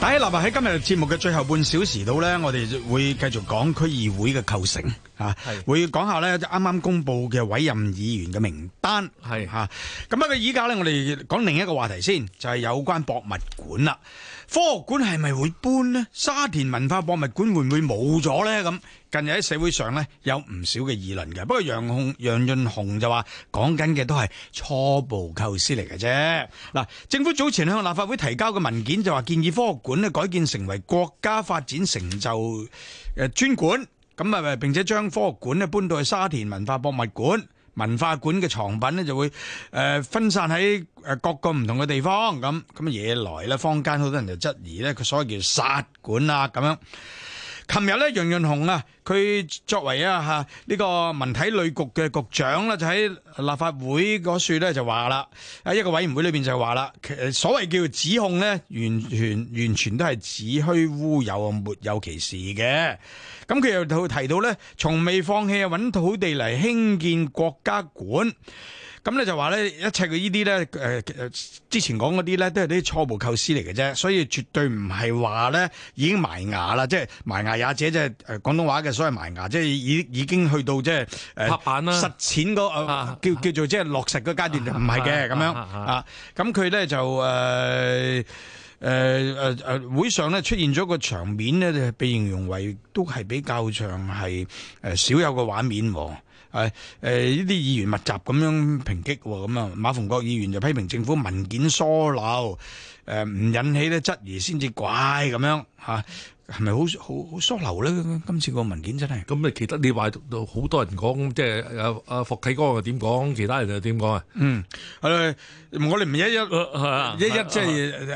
大家立喺今日節目嘅最後半小時度呢，我哋會繼續講區議會嘅構成吓，是會講下呢啱啱公布嘅委任議員嘅名單係吓。咁啊是，佢而家呢，我哋講另一個話題先，就係、是、有關博物館啦。科學館係咪會搬呢？沙田文化博物館會唔會冇咗呢？咁？近日喺社會上呢，有唔少嘅議論嘅，不過楊雄楊潤雄就話講緊嘅都係初步構思嚟嘅啫。嗱，政府早前向立法會提交嘅文件就話建議科學館呢改建成為國家發展成就誒專管，咁咪，並且將科學館呢搬到去沙田文化博物館，文化館嘅藏品呢就會誒分散喺各個唔同嘅地方。咁咁嘅嘢來呢，坊間好多人就質疑呢，佢所謂叫殺館啊咁樣。琴日咧，楊潤雄啊，佢作為啊吓呢個文體旅局嘅局長啦，就喺立法會嗰處咧就話啦，喺一個委員會裏邊就話啦，所謂叫指控咧，完全完全都係子虛烏有啊，沒有其事嘅。咁佢又提到咧，從未放棄啊，揾土地嚟興建國家館。咁咧就話咧，一切嘅呢啲咧，誒、呃、之前講嗰啲咧，都係啲初步構思嚟嘅啫，所以絕對唔係話咧已經埋牙啦，即係埋牙也者即係誒廣東話嘅所謂埋牙，即係已已經去到即係誒實踐嗰、拍板啊、叫叫做即係落實嗰階段，就唔係嘅咁樣啊。咁佢咧就誒誒誒會上咧出現咗個場面咧，就被形容為都係比較長係誒少有嘅畫面喎。係誒，呢啲議員密集咁樣抨擊，咁啊馬逢國議員就批評政府文件疏漏，誒唔引起咧質疑先至怪咁樣嚇。係咪好好好疏漏咧？今次個文件真係咁啊！其他你話到好多人講，即係阿阿霍啟剛又點講，其他人又點講啊？嗯，我哋唔一一係啊，一一即係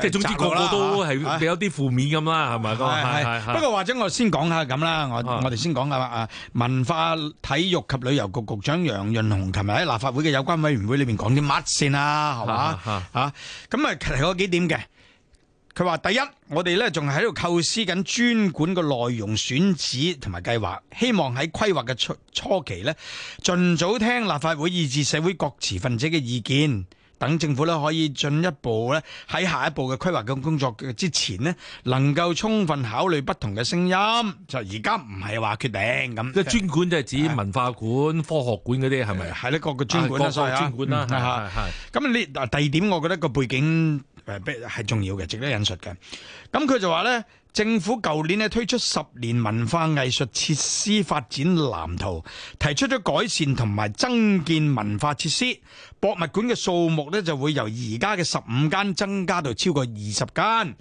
即係總之個個都係有啲負面咁啦，係咪？係係係。不過或者我先講下咁啦，我我哋先講下啊啊！文化體育及旅遊局局長楊潤雄琴日喺立法會嘅有關委員會裏邊講啲乜先啦？係嘛嚇？咁啊提嗰幾點嘅。佢話：他說第一，我哋咧仲喺度構思緊專管嘅內容選址同埋計劃，希望喺規劃嘅初初期呢，盡早聽立法會、以至社會各持份者嘅意見，等政府咧可以進一步咧喺下一步嘅規劃嘅工作之前呢，能夠充分考慮不同嘅聲音。就而家唔係話決定咁，即係專管就係指文化館、的科學館嗰啲係咪？係呢各個專管啦，所以專管啦，係係。咁呢第二點，我覺得個背景。誒，係重要嘅，值得引述嘅。咁佢就話呢，政府舊年呢推出十年文化藝術設施發展藍圖，提出咗改善同埋增建文化設施，博物館嘅數目呢，就會由而家嘅十五間增加到超過二十間。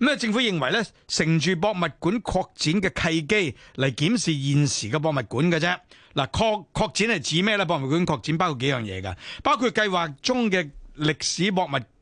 咁啊，政府認為呢，乘住博物館擴展嘅契機嚟檢視現時嘅博物館嘅啫。嗱，擴展係指咩呢？博物館擴展包括幾樣嘢噶，包括計劃中嘅歷史博物。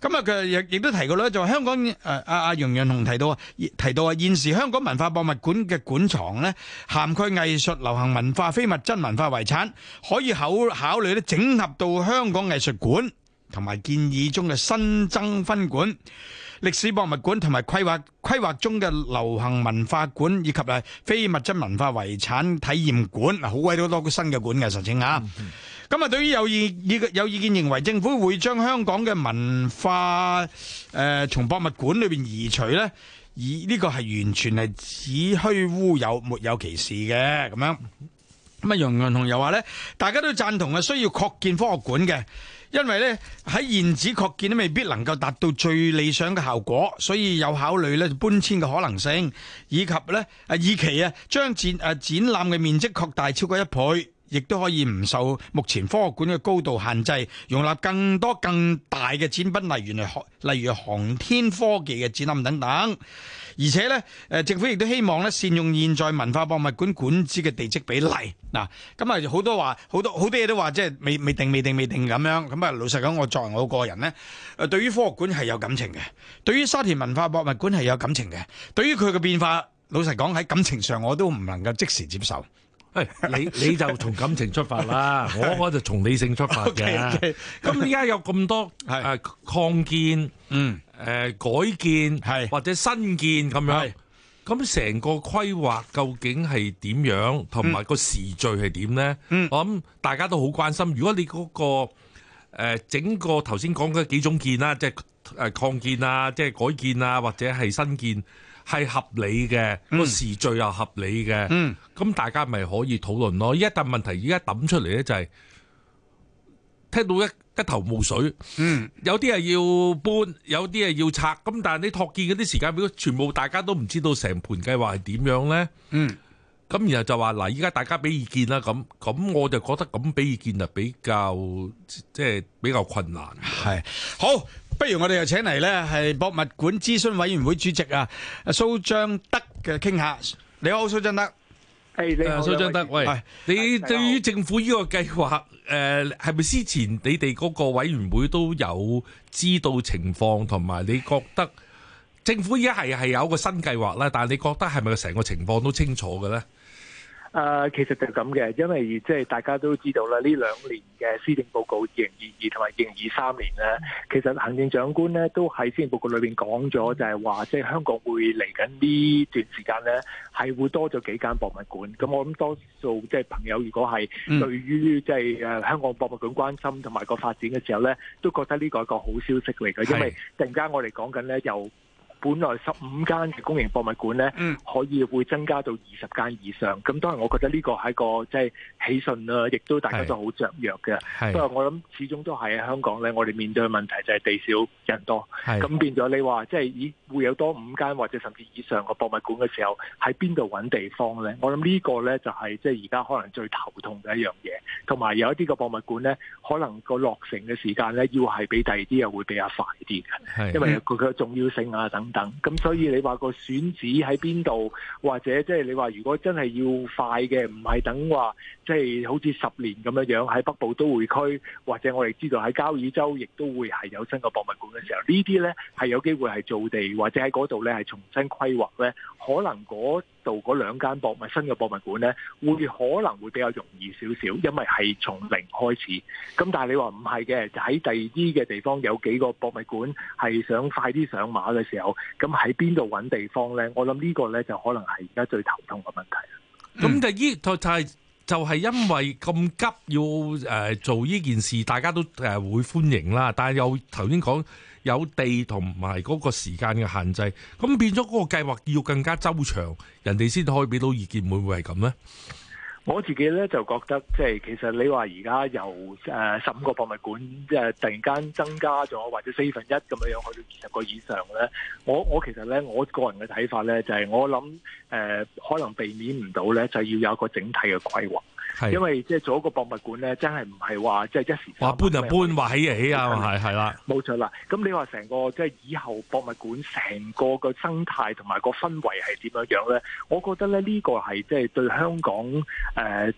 咁啊，佢亦亦都提過咧，就香港誒阿阿楊潤雄提到啊，提到啊現時香港文化博物館嘅館藏呢，涵蓋藝術、流行文化、非物質文化遺產，可以考考慮咧整合到香港藝術館同埋建議中嘅新增分館、歷史博物館同埋規劃規劃中嘅流行文化館以及非物質文化遺產體驗館，好鬼多個新嘅館㗎，實情啊！咁啊、嗯，對於有意有意見認為政府會將香港嘅文化誒、呃、從博物館裏面移除呢，以呢、這個係完全係子虛烏有、沒有歧視其事嘅咁樣。咁、嗯、啊，楊潤雄又話呢大家都贊同啊，需要擴建科學館嘅，因為呢喺現址擴建都未必能夠達到最理想嘅效果，所以有考慮呢搬遷嘅可能性，以及呢，以期啊將展誒、呃、展覽嘅面積擴大超過一倍。亦都可以唔受目前科學館嘅高度限制，容納更多更大嘅展品，例如例如航天科技嘅展覽等等。而且呢，誒政府亦都希望呢善用現在文化博物館管治嘅地積比例嗱。咁啊好多話，好多好多嘢都話即係未未定、未定、未定咁樣。咁啊老實講，我作為我個人呢，誒對於科學館係有感情嘅，對於沙田文化博物館係有感情嘅，對於佢嘅變化，老實講喺感情上我都唔能夠即時接受。Hey, 你你就從感情出發啦， 我我就從理性出發嘅。咁依家有咁多係擴、 呃、建，嗯，誒、呃、改建，係是或者新建咁樣，咁成是個規劃究竟係點樣，同埋個時序係點咧？嗯、我諗大家都好關心。如果你嗰、那個誒、呃、整個頭先講嘅幾種建啦，即係誒擴建啊，即係改建啊，或者係新建。係合理嘅，個、嗯、時序又合理嘅，咁、嗯、大家咪可以討論咯。一旦但問題、就是，依家抌出嚟咧就係聽到一一頭霧水，嗯、有啲係要搬，有啲係要拆，咁但係你拓建嗰啲時間表，全部大家都唔知道成盤計劃係點樣咧。咁、嗯、然後就話嗱，依家大家俾意見啦，咁咁我就覺得咁俾意見就比較即係、就是、比較困難。係是好。不如我哋又請嚟呢係博物館諮詢委員會主席啊，蘇彰德嘅傾下。你好，蘇彰德。誒，hey, 你好，蘇彰德。喂，是你對於政府呢個計劃誒，係咪之前你哋嗰個委員會都有知道情況，同埋你覺得政府依家係係有個新計劃啦但係你覺得係咪成個情況都清楚嘅呢啊，其實就係咁嘅，因為即係大家都知道啦，呢兩年嘅施政報告二零二二同埋二零二三年咧，其實行政長官咧都喺施政報告裏邊講咗，就係話即係香港會嚟緊呢段時間咧，係會多咗幾間博物館。咁我諗多數即係朋友，如果係對於即係誒香港博物館關心同埋個發展嘅時候咧，都覺得呢個係一個好消息嚟嘅，是因為突然間我哋講緊咧又。本來十五間公營博物館咧，嗯、可以會增加到二十間以上。咁當然我覺得呢個係一個即係、就是、喜訊啦、啊，亦都大家都好雀躍嘅。不過是我諗始終都係香港咧，我哋面對嘅問題就係地少人多。咁是變咗你話即係咦會有多五間或者甚至以上嘅博物館嘅時候，喺邊度揾地方咧？我諗呢個咧就係即係而家可能最頭痛嘅一樣嘢。同埋有一啲嘅博物館咧，可能個落成嘅時間咧要係比第二啲又會比較快啲嘅，是因為佢嘅重要性啊等。等咁，所以你話個選址喺邊度，或者即係你話如果真係要快嘅，唔係等話即係好似十年咁樣樣喺北部都會區，或者我哋知道喺交椅洲亦都會係有新個博物館嘅時候，這些呢啲呢係有機會係造地，或者喺嗰度呢係重新規劃呢，可能嗰。到嗰兩間博物新嘅博物館呢，會可能會比較容易少少，因為係從零開始。咁但係你話唔係嘅，就喺第二啲嘅地方有幾個博物館係想快啲上馬嘅時候，咁喺邊度揾地方呢？我諗呢個呢，就可能係而家最頭痛嘅問題。咁第二就就係因為咁急要誒做呢件事，大家都誒會歡迎啦。但係又頭先講。有地同埋嗰個時間嘅限制，咁變咗嗰個計劃要更加周詳，人哋先可以俾到意見，會唔會係咁咧？我自己咧就覺得，即係其實你話而家由誒十五個博物館，即係突然間增加咗或者四分一咁樣樣去到二十個以上咧，我我其實咧我個人嘅睇法咧就係、是、我諗誒、呃，可能避免唔到咧，就要有一個整體嘅規劃。是因為即係做一個博物館咧，真係唔係話即係一時。話搬就搬，話、嗯、起是就起啊，係係啦。冇錯啦，咁你話成個即係以後博物館成個個生態同埋個氛圍係點樣樣咧？我覺得咧呢、這個係即係對香港誒。呃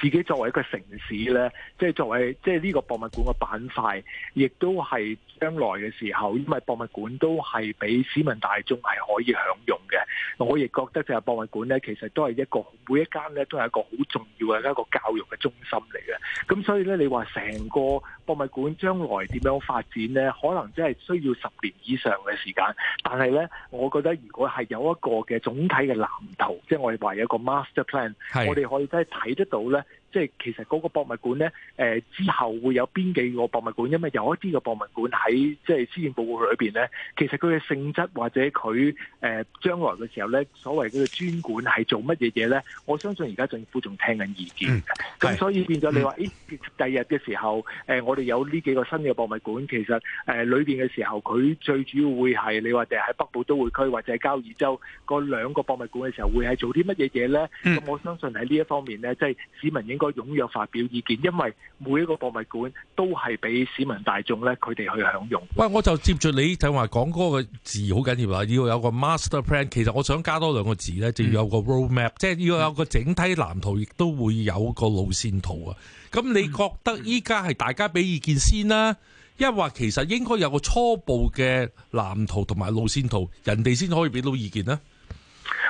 自己作為一個城市呢，即係作為即係呢個博物館嘅板塊，亦都係將來嘅時候，因為博物館都係俾市民大眾係可以享用嘅。我亦覺得就係博物館呢其實都係一個每一間呢，都係一個好重要嘅一個教育嘅中心嚟嘅。咁所以呢，你話成個博物館將來點樣發展呢？可能真係需要十年以上嘅時間。但係呢，我覺得如果係有一個嘅總體嘅藍圖，即係我哋話有一個 master plan，是我哋可以真係睇得到呢。即係其實嗰個博物館咧，誒之後會有邊幾個博物館？因為有一啲嘅博物館喺即係施政報告裏邊咧，其實佢嘅性質或者佢誒將來嘅時候咧，所謂嗰個專管係做乜嘢嘢咧？我相信而家政府仲聽緊意見咁、嗯、所以是變咗你話誒第日嘅時候，誒我哋有呢幾個新嘅博物館，其實誒裏邊嘅時候，佢最主要會係你話定喺北部都會區或者係交椅洲嗰兩個博物館嘅時候會是做什麼呢，會係做啲乜嘢嘢咧？咁我相信喺呢一方面咧，即係市民應個踴躍發表意見，因為每一個博物館都係俾市民大眾咧，佢哋去享用。喂，我就接住你就話講嗰個字好緊要啊，要有一個 master plan。其實我想加多兩個字咧，就要有個 road map，、嗯、即係要有一個整體藍圖，亦都會有個路線圖啊。咁你覺得依家係大家俾意見先啦，一或其實應該有個初步嘅藍圖同埋路線圖，人哋先可以俾到意見啦。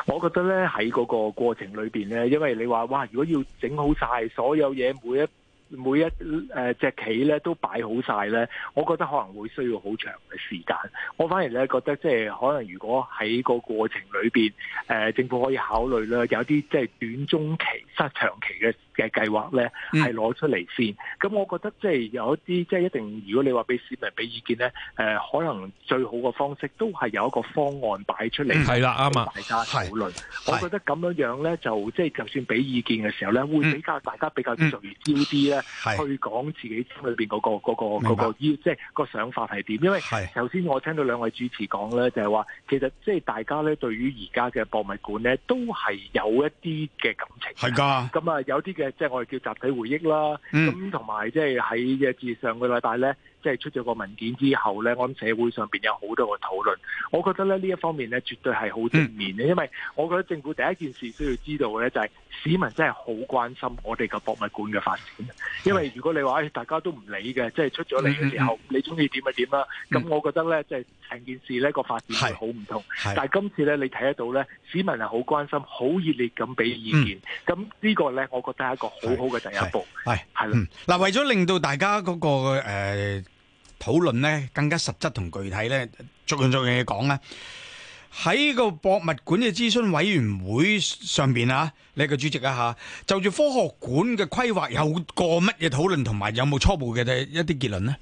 我覺得咧，喺嗰個過程裏邊咧，因為你話哇，如果要整好晒所有嘢，每一每一誒隻棋咧都擺好晒咧，我覺得可能會需要好長嘅時間。我反而咧覺得，即係可能如果喺個過程裏邊，誒政府可以考慮啦，有啲即係短中期、失長期嘅，嘅計劃咧，係攞出嚟先。咁、嗯、我覺得即係有一啲，即係一定。如果你話俾市民俾意見咧、呃，可能最好嘅方式都係有一個方案擺出嚟，係啦、嗯，啱啊的，大家討論。我覺得咁樣樣咧，就即係就算俾意見嘅時候咧，會比較、嗯、大家比較聚焦啲咧，嗯、去講自己心裏邊嗰、嗯嗰個嗰、嗰個嗰、嗰個要，白即係、嗰個想法係點。因為頭先的我聽到兩位主持講咧，就係、是、話其實即係大家咧對於而家嘅博物館咧，都係有一啲嘅感情。係㗎。咁啊，有啲。即係即係我哋叫集體回憶啦，咁同埋即係喺嘅字上嘅禮拜咧。即係出咗個文件之後咧，我諗社會上邊有好多個討論。我覺得咧，呢一方面咧，絕對係好正面嘅，嗯、因為我覺得政府第一件事需要知道嘅咧，就係市民真係好關心我哋嘅博物館嘅發展。是因為如果你話誒、哎、大家都唔理嘅，即係出咗嚟嘅時候，嗯、你中意點咪點啦。咁、嗯、我覺得咧，即係成件事咧個發展係好唔同。但係今次咧，你睇得到咧，市民係好關心，好熱烈咁俾意見。咁呢、嗯、個咧，我覺得係一個好好嘅第一步。係係啦。嗱、嗯，為咗令到大家嗰、那個誒。呃討論咧更加實質同具體咧，逐樣逐樣嘢講咧。喺個博物館嘅諮詢委員會上邊啊，你個主席啊吓，就住科學館嘅規劃有過乜嘢討論，同埋有冇初步嘅一啲結論呢？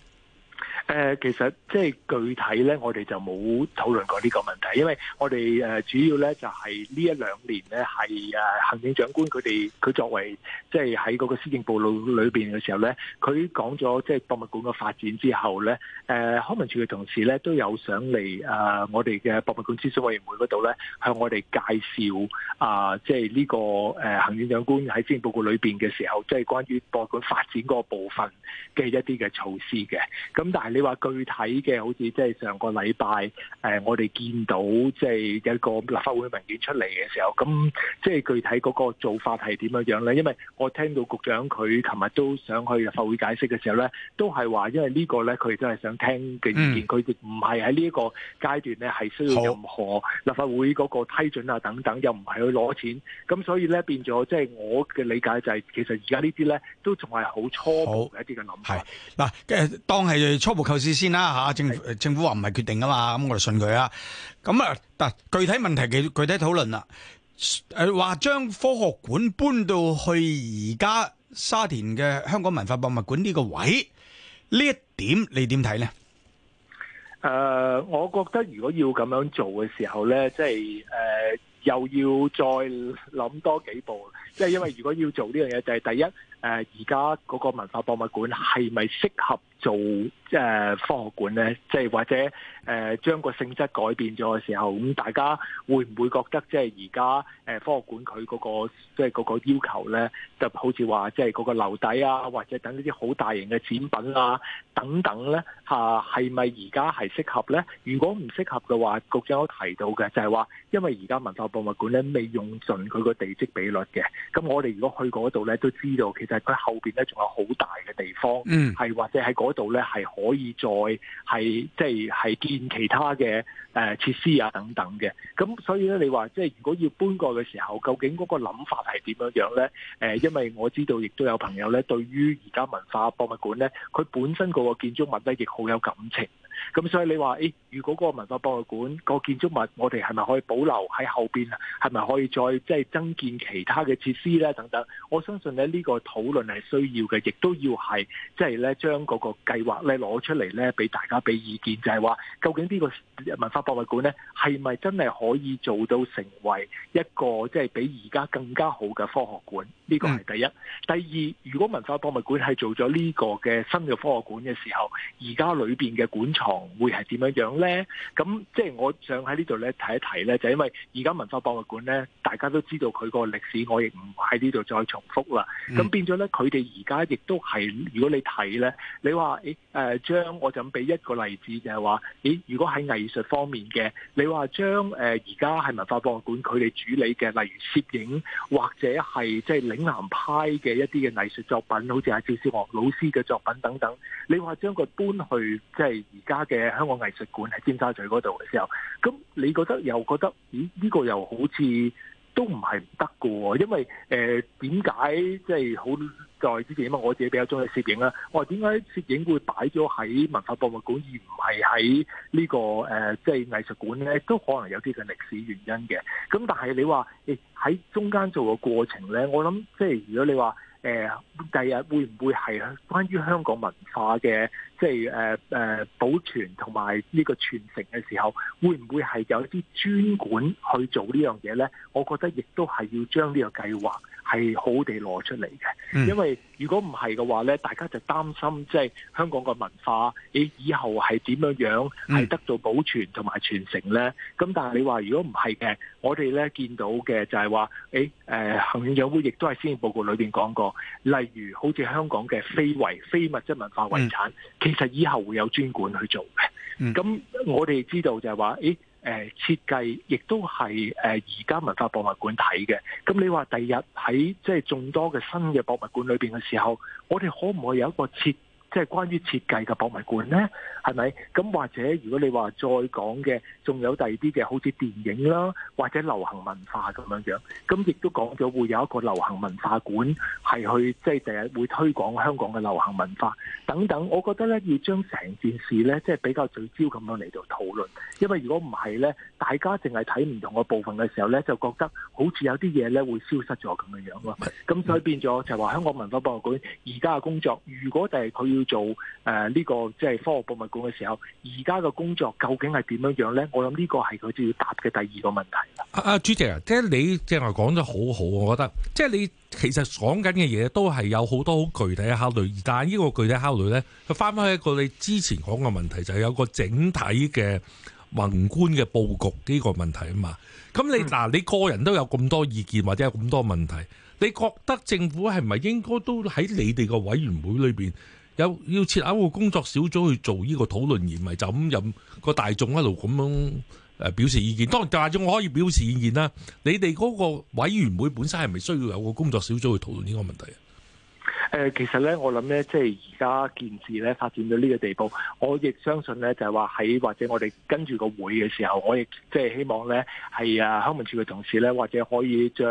誒，其實即係具體咧，我哋就冇討論過呢個問題，因為我哋誒主要咧就係呢一兩年咧係誒行政長官佢哋佢作為即係喺嗰個施政報告裏邊嘅時候咧，佢講咗即係博物館嘅發展之後咧，誒康文署嘅同事咧都有上嚟誒我哋嘅博物館諮詢委員會嗰度咧，向我哋介紹啊，即係呢個誒行政長官喺施政報告裏邊嘅時候，即係關於博物館發展嗰部分嘅一啲嘅措施嘅。咁但係你話具體嘅，好似即係上個禮拜，誒、呃，我哋見到即係有一個立法會文件出嚟嘅時候，咁即係具體嗰個做法係點樣樣咧？因為我聽到局長佢琴日都想去立法會解釋嘅時候咧，都係話因為呢個咧，佢都係想聽嘅意見，佢唔係喺呢一個階段咧係需要任何立法會嗰個批准啊等等，又唔係去攞錢，咁所以咧變咗即係我嘅理解就係、是，其實而家呢啲咧都仲係好初步嘅一啲嘅諗法。係嗱，誒，當係初步。構思先啦嚇，政政府話唔係決定噶嘛，咁我哋信佢啊。咁啊，嗱，具體問題具具體討論啦。誒話將科學館搬到去而家沙田嘅香港文化博物館呢個位，呢一點你點睇呢？誒、呃，我覺得如果要咁樣做嘅時候呢，即係誒又要再諗多幾步，即係因為如果要做呢樣嘢，就係第一。誒，而家嗰個文化博物館係咪適合做誒、呃、科學館呢？即、就、係、是、或者誒將、呃、個性質改變咗嘅時候，咁大家會唔會覺得即係而家誒科學館佢嗰個即係嗰個要求呢？就好似話即係嗰個樓底啊，或者等呢啲好大型嘅展品啊等等呢？吓、啊，係咪而家係適合呢？如果唔適合嘅話，局長都提到嘅就係話，因為而家文化博物館呢，未用盡佢個地積比率嘅，咁我哋如果去嗰度呢，都知道就係佢後邊咧，仲有好大嘅地方，係、嗯、或者喺嗰度咧，係可以再係即係係建其他嘅誒設施啊等等嘅。咁所以咧，你話即係如果要搬過嘅時候，究竟嗰個諗法係點樣樣咧？誒，因為我知道亦都有朋友咧，對於而家文化博物館咧，佢本身嗰個建築物咧，亦好有感情。咁所以你話，誒、哎，如果個文化博物館，個建築物，我哋係咪可以保留喺後邊啊？係咪可以再即係增建其他嘅設施咧？等等，我相信咧，呢個討論係需要嘅，亦都要係即係咧將個個計劃咧攞出嚟咧，俾大家俾意見，就係、是、話究竟呢個文化博物館咧係咪真係可以做到成為一個即係比而家更加好嘅科學館？呢、個係第一。第二，如果文化博物館係做咗呢個嘅新嘅科學館嘅時候，而家裏邊嘅館藏，會係點樣樣咧？咁即係我想喺呢度咧睇一睇咧，就係、因為而家文化博物館咧，大家都知道佢個歷史，我亦唔喺呢度再重複啦。咁變咗咧，佢哋而家亦都係，如果你睇咧，你話誒誒，將、欸呃、我就咁俾一個例子，就係話，誒、欸，如果喺藝術方面嘅，你話將誒而家係文化博物館佢哋處理嘅，例如攝影或者係即係嶺南派嘅一啲嘅藝術作品，好似阿趙少昂老師嘅作品等等，你話將佢搬去即係而家。嘅香港藝術館喺尖沙咀嗰度嘅時候，咁你覺得又覺得咦？呢個又好似都唔係唔得嘅，因為誒點解即係好在之前啊嘛？因為我自己比較中意攝影啦，我話點解攝影會擺咗喺文化博物館而唔係喺呢個誒即係藝術館咧？都可能有啲嘅歷史原因嘅。咁但係你話誒喺中間做嘅過程咧，我諗即係如果你話。誒第日會唔會係關於香港文化嘅，即係誒誒保存同埋呢個傳承嘅時候，會唔會係有一啲專管去做這事呢樣嘢咧？我覺得亦都係要將呢個計劃。係好地攞出嚟嘅，因為如果唔係嘅話咧，大家就擔心即係香港嘅文化，誒以後係點樣樣係得到保存同埋傳承咧。咁但係你話如果唔係嘅，我哋咧見到嘅就係話，誒誒，行政長官亦都係施政報告裏邊講過，例如好似香港嘅非遺、非物質文化遺產，其實以後會有專管去做嘅。咁我哋知道就係話，誒。誒設計亦都係誒而家文化博物館睇嘅，咁你話第日喺即係眾多嘅新嘅博物館裏面嘅時候，我哋可唔可以有一個設計？即係關於設計嘅博物館呢，係咪？咁或者如果你話再講嘅，仲有第二啲嘅，好似電影啦，或者流行文化咁樣樣，咁亦都講咗會有一個流行文化館係去即係第日會推廣香港嘅流行文化等等。我覺得咧要將成件事咧即係比較聚焦咁樣嚟到討論，因為如果唔係咧，大家淨係睇唔同嘅部分嘅時候咧，就覺得好似有啲嘢咧會消失咗咁樣樣咯。咁所以變咗就係話香港文化博物館而家嘅工作，如果第日佢要……要做誒呢個即係科學博物館嘅時候，而家嘅工作究竟係點樣樣咧？我諗呢個係佢就要答嘅第二個問題啦。主席啊，即係你正話講得好好，我覺得即係你其實講緊嘅嘢都係有好多好具體嘅考慮，但係呢個具體考慮咧，佢翻翻去一個你之前講嘅問題，就係、是、有個整體嘅宏觀嘅布局呢個問題啊嘛。咁你嗱，嗯、你個人都有咁多意見或者有咁多問題，你覺得政府係咪應該都喺你哋個委員會裏邊？有要設立一個工作小組去做呢個討論，而唔係就咁任個大眾一路咁樣表示意見。當然，大眾我可以表示意見啦。你哋嗰個委員會本身係咪需要有個工作小組去討論呢個問題？誒，其實咧，我諗咧，即係而家件事咧發展到呢個地步，我亦相信咧，就係話喺或者我哋跟住個會嘅時候，我亦即係希望咧係啊，康文署嘅同事咧，或者可以將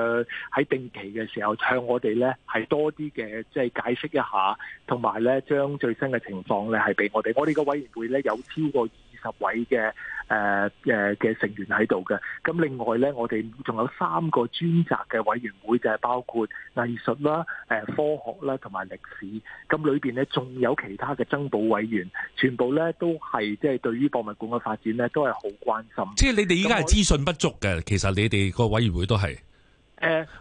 喺定期嘅時候向我哋咧係多啲嘅即係解釋一下，同埋咧將最新嘅情況咧係俾我哋。我哋個委員會咧有超過。十位嘅誒誒嘅成員喺度嘅。咁另外咧，我哋仲有三個專責嘅委員會，就係包括藝術啦、誒科學啦同埋歷史。咁裏邊咧仲有其他嘅增補委員，全部咧都係即係對於博物館嘅發展咧都係好關心。即係你哋依家係資訊不足嘅，其實你哋個委員會都係。誒，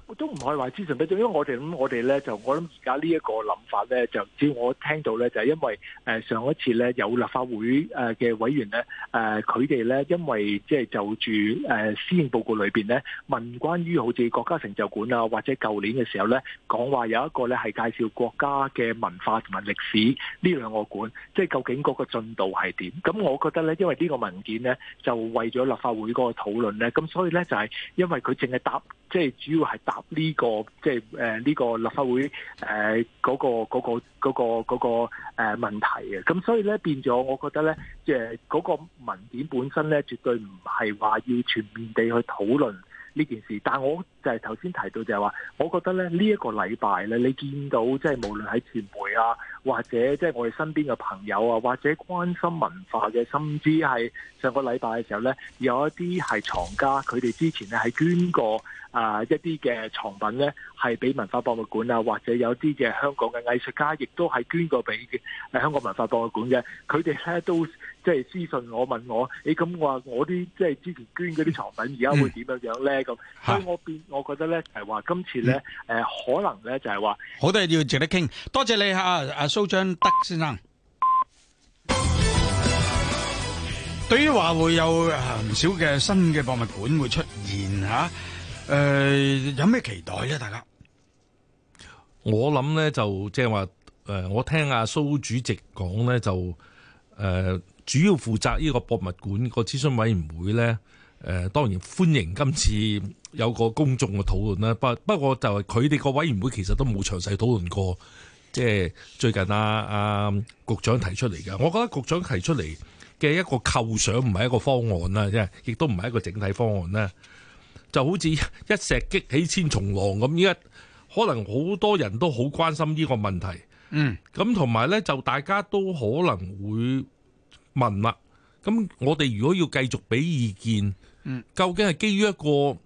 我、呃、都唔可以話諮詢咗。因為我哋咁我哋咧就我諗而家呢一個諗法咧就，只我，我聽到咧就係、是、因為誒上一次咧有立法會誒嘅委員咧誒佢哋咧因為即係就住誒施政報告裏邊咧問關於好似國家成就館啊或者舊年嘅時候咧講話有一個咧係介紹國家嘅文化同埋歷史呢兩個館，即、就、係、是、究竟嗰個進度係點？咁我覺得咧，因為呢個文件咧就為咗立法會嗰個討論咧，咁所以咧就係、是、因為佢淨係答。即係主要係答呢個，即係誒呢個立法會誒嗰個嗰個嗰個嗰個誒問題嘅。咁所以咧變咗，我覺得咧，即係嗰個文件本身咧，絕對唔係話要全面地去討論呢件事。但係我。就係頭先提到就係話，我覺得咧呢一、這個禮拜咧，你見到即係無論喺傳媒啊，或者即係我哋身邊嘅朋友啊，或者關心文化嘅，甚至係上個禮拜嘅時候咧，有一啲係藏家，佢哋之前咧係捐過啊、呃、一啲嘅藏品咧，係俾文化博物館啊，或者有啲嘅香港嘅藝術家亦都係捐過俾誒香港文化博物館嘅，佢哋咧都即係私信我問我，誒、哎、咁我話我啲即係之前捐嗰啲藏品而家會點樣樣咧咁，嗯、所以我變。我覺得咧係話，今次咧誒、呃，可能咧就係、是、話好多嘢要值得傾。多謝你吓，阿、啊、蘇、啊、彰德先生。對於話會有唔少嘅新嘅博物館會出現吓，誒、啊呃，有咩期待咧？大家，我諗咧就即係話，誒、呃，我聽阿蘇主席講咧就，誒、呃，主要負責呢個博物館個諮詢委員會咧。誒當然歡迎今次有個公眾嘅討論啦，不不過就係佢哋個委員會其實都冇詳細討論過，即係最近啊啊局長提出嚟嘅，我覺得局長提出嚟嘅一個構想唔係一個方案啦，即係亦都唔係一個整體方案咧，就好似一石激起千重浪咁，依家可能好多人都好關心呢個問題，嗯，咁同埋呢，就大家都可能會問啦，咁我哋如果要繼續俾意見。究竟係基於一個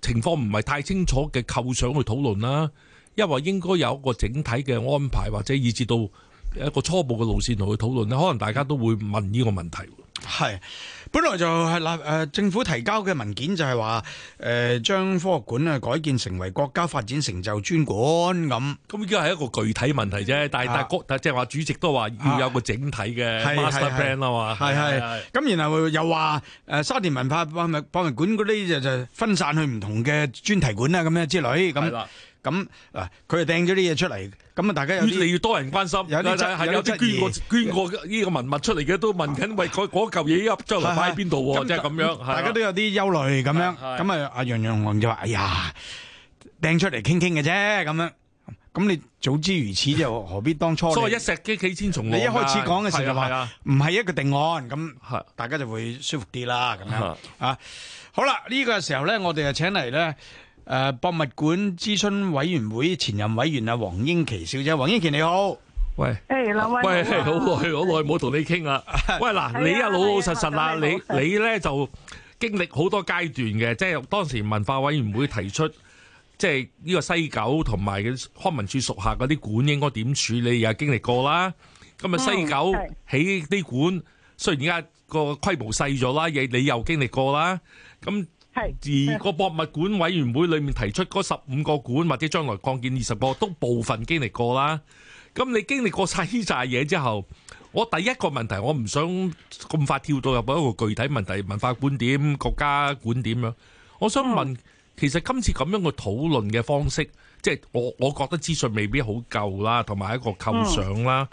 情況唔係太清楚嘅構想去討論啦，因為應該有一個整體嘅安排，或者以至到一個初步嘅路線同佢討論咧，可能大家都會問呢個問題。係。本來就係、誒、政府提交嘅文件就係話，誒將科學館改建成為國家發展成就專館咁，咁依家係一個具體問題啫。但係大即係話主席都話要有個整體嘅 master plan 啊嘛，係，係。咁然後又話、啊、沙田文化博物博物館嗰啲就就分散去唔同嘅專題館啦，咁樣之類咁。咁嗱，佢係掟咗啲嘢出嚟，咁啊大家有啲越嚟越多人關心，有啲真係有啲捐過捐過呢個文物出嚟嘅，都問緊喂，嗰嗰嚿嘢入咗落埋喺邊度喎，即係咁樣，大家都有啲憂慮咁樣，咁啊阿楊楊就話：哎呀，掟出嚟傾傾嘅啫，咁樣，咁你早知如此，又何必當初？所以一石激起千重浪。你一開始講嘅時候嘛，唔係一個定案，咁，係大家就會舒服啲啦。咁樣啊，好啦，呢個時候咧，我哋就請嚟咧。誒，博物館諮詢委員會前任委員阿黃英琦小姐，黃英琦你好，喂，誒，兩位，喂，好耐喂，好耐冇同你傾的啦，喂，嗱，你又老老實實啦，你你咧就經歷好多階段嘅，即係當時文化委員會提出，即係呢個西九同埋康文署屬下嗰啲館應該點處理，又經歷過啦，咁啊西九起啲館，雖然而家個規模細咗啦，你你又經歷過啦，咁、嗯。係是而個博物館委員會裏面提出嗰十五個館或者將來擴建二十個，都部分經歷過啦。咁你經歷過晒晒嘢之後，我第一個問題，我唔想咁快跳到入一個具體問題，文化觀點、國家觀點。我想問，嗯、其實今次咁樣嘅討論嘅方式，即係我我覺得資訊未必好夠啦，同埋一個構想啦，